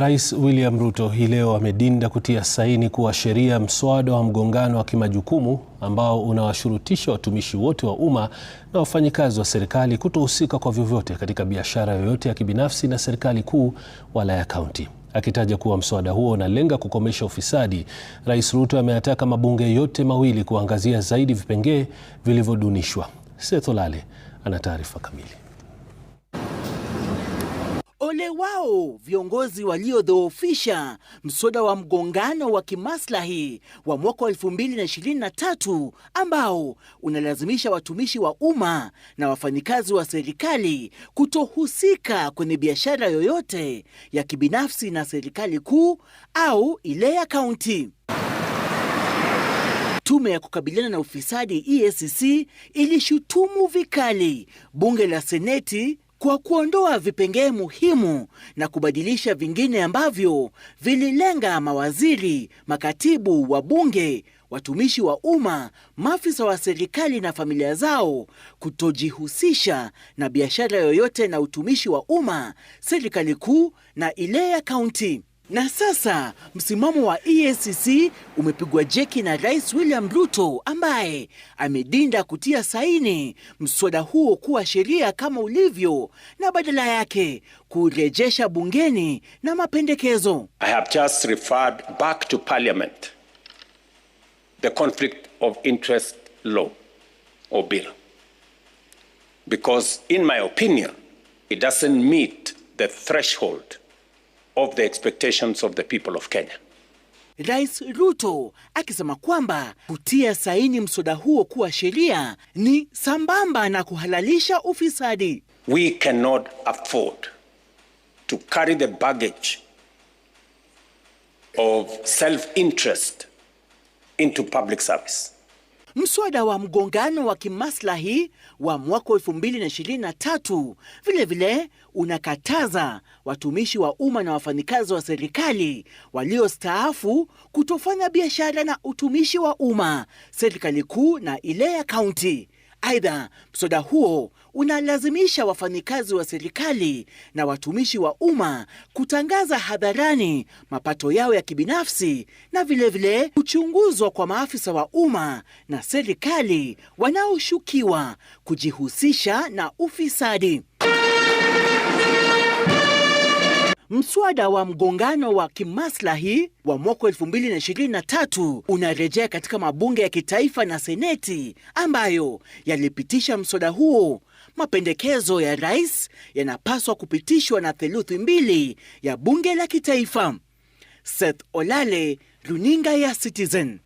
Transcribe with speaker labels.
Speaker 1: Rais William Ruto hii leo amedinda kutia saini kuwa sheria mswada wa mgongano wa kimajukumu ambao unawashurutisha watumishi wote wa umma na wafanyikazi wa serikali kutohusika kwa vyovyote katika biashara yoyote ya kibinafsi na serikali kuu wala ya kaunti. Akitaja kuwa mswada huo unalenga kukomesha ufisadi, Rais Ruto ameyataka mabunge yote mawili kuangazia zaidi vipengee vilivyodunishwa. Seth Olale ana taarifa kamili
Speaker 2: vile wao viongozi waliodhoofisha mswada wa mgongano wa kimaslahi wa mwaka wa 2023 ambao unalazimisha watumishi wa umma na wafanyikazi wa serikali kutohusika kwenye biashara yoyote ya kibinafsi na serikali kuu au ile ya kaunti. Tume ya kukabiliana na ufisadi EACC ilishutumu vikali bunge la Seneti kwa kuondoa vipengee muhimu na kubadilisha vingine ambavyo vililenga mawaziri, makatibu, wabunge, watumishi wa umma, maafisa wa serikali na familia zao kutojihusisha na biashara yoyote na utumishi wa umma, serikali kuu na ile ya kaunti. Na sasa msimamo wa EACC umepigwa jeki na Rais William Ruto ambaye amedinda kutia saini mswada huo kuwa sheria kama ulivyo na badala yake kurejesha bungeni na mapendekezo.
Speaker 3: I have just referred back to parliament the conflict of interest law or bill because in my opinion it doesn't meet the threshold of the expectations of the people of Kenya.
Speaker 2: Rais Ruto akisema kwamba kutia saini mswada huo kuwa sheria ni sambamba na kuhalalisha ufisadi.
Speaker 3: We cannot afford to carry the baggage of self-interest into public service.
Speaker 2: Mswada wa mgongano wa kimaslahi wa mwaka 2023 vilevile unakataza watumishi wa umma na wafanyikazi wa serikali waliostaafu kutofanya biashara na utumishi wa umma, serikali kuu na ile ya kaunti. Aidha, mswada huo unalazimisha wafanyikazi wa serikali na watumishi wa umma kutangaza hadharani mapato yao ya kibinafsi na vilevile kuchunguzwa vile kwa maafisa wa umma na serikali wanaoshukiwa kujihusisha na ufisadi. Mswada wa mgongano wa kimaslahi wa mwaka 2023 unarejea katika mabunge ya kitaifa na seneti ambayo yalipitisha mswada huo. Mapendekezo ya rais yanapaswa kupitishwa na theluthi mbili ya bunge la kitaifa. Seth Olale, runinga ya Citizen.